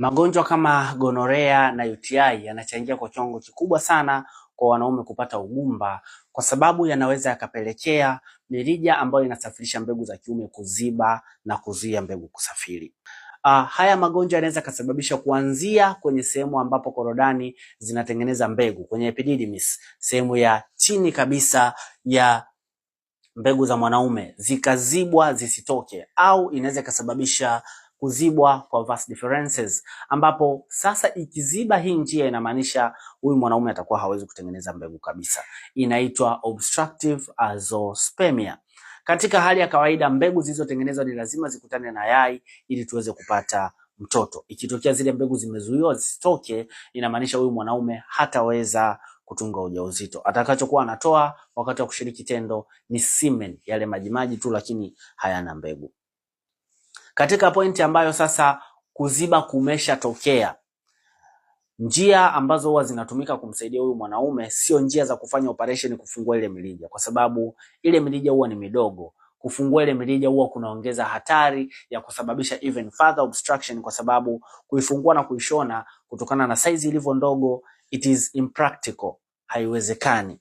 Magonjwa kama gonorea na UTI yanachangia kwa kiwango kikubwa sana kwa wanaume kupata ugumba, kwa sababu yanaweza yakapelekea mirija ambayo inasafirisha mbegu za kiume kuziba na kuzuia mbegu kusafiri. Uh, haya magonjwa yanaweza kusababisha kuanzia kwenye sehemu ambapo korodani zinatengeneza mbegu kwenye epididymis, sehemu ya chini kabisa ya mbegu za mwanaume zikazibwa zisitoke, au inaweza ikasababisha kuzibwa kwa vas deferences, ambapo sasa ikiziba hii njia inamaanisha huyu mwanaume atakuwa hawezi kutengeneza mbegu kabisa. Inaitwa obstructive azoospermia. Katika hali ya kawaida mbegu zilizotengenezwa ni lazima zikutane na yai ili tuweze kupata mtoto. Ikitokea zile mbegu zimezuiwa zisitoke, inamaanisha huyu mwanaume hataweza kutunga ujauzito. Atakachokuwa anatoa wakati wa kushiriki tendo ni semen, yale majimaji tu, lakini hayana mbegu. Katika pointi ambayo sasa kuziba kumeshatokea, njia ambazo huwa zinatumika kumsaidia huyu mwanaume sio njia za kufanya operation kufungua ile mirija, kwa sababu ile mirija huwa ni midogo. Kufungua ile mirija huwa kunaongeza hatari ya kusababisha even further obstruction, kwa sababu kuifungua na kuishona kutokana na size ilivyo ndogo, it is impractical, haiwezekani.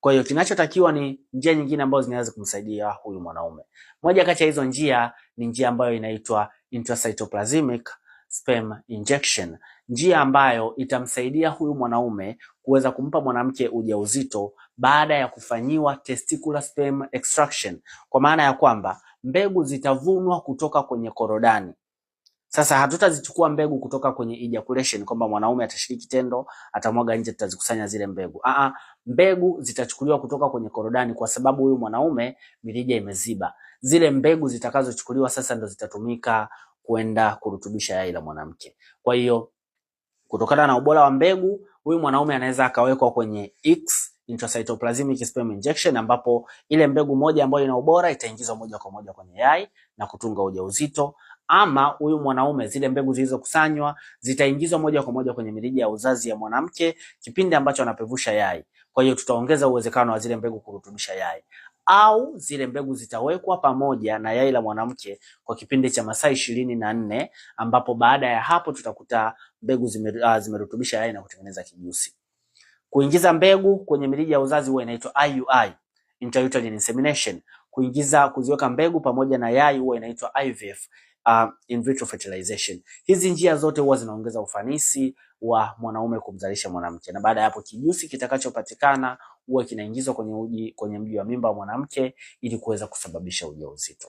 Kwa hiyo kinachotakiwa ni njia nyingine ambazo zinaweza kumsaidia huyu mwanaume. Moja kati ya hizo njia ni njia ambayo inaitwa intracytoplasmic sperm injection, njia ambayo itamsaidia huyu mwanaume kuweza kumpa mwanamke ujauzito baada ya kufanyiwa testicular sperm extraction, kwa maana ya kwamba mbegu zitavunwa kutoka kwenye korodani. Sasa hatutazichukua mbegu kutoka kwenye ejaculation kwamba mwanaume atashiriki tendo atamwaga nje, tutazikusanya zile mbegu. Aa, mbegu zitachukuliwa kutoka kwenye korodani, kwa sababu huyu mwanaume mirija imeziba. Zile mbegu zitakazochukuliwa sasa ndo zitatumika kwenda kurutubisha yai la mwanamke. Kwa hiyo kutokana na ubora wa mbegu, huyu mwanaume anaweza akawekwa kwenye X intracytoplasmic sperm injection, ambapo ile mbegu moja ambayo ina ubora itaingizwa moja kwa moja kwenye yai na kutunga ujauzito, ama huyu mwanaume zile mbegu zilizokusanywa zitaingizwa moja kwa moja kwenye mirija ya uzazi ya mwanamke kipindi ambacho anapevusha yai. Kwa hiyo tutaongeza uwezekano wa zile mbegu kurutubisha yai au zile mbegu zitawekwa pamoja na yai la mwanamke kwa kipindi cha masaa ishirini na nne ambapo baada ya hapo tutakuta mbegu ah, zimerutubisha yai na kutengeneza kijusi. Kuingiza mbegu kwenye mirija ya uzazi huwa inaitwa IUI, intrauterine insemination. Kuingiza kuziweka mbegu pamoja na yai huwa inaitwa IVF, uh, in vitro fertilization. Hizi njia zote huwa zinaongeza ufanisi wa mwanaume kumzalisha mwanamke, na baada ya hapo kijusi kitakachopatikana huwa kinaingizwa kwenye uji, kwenye mji wa mimba wa mwanamke ili kuweza kusababisha ujauzito.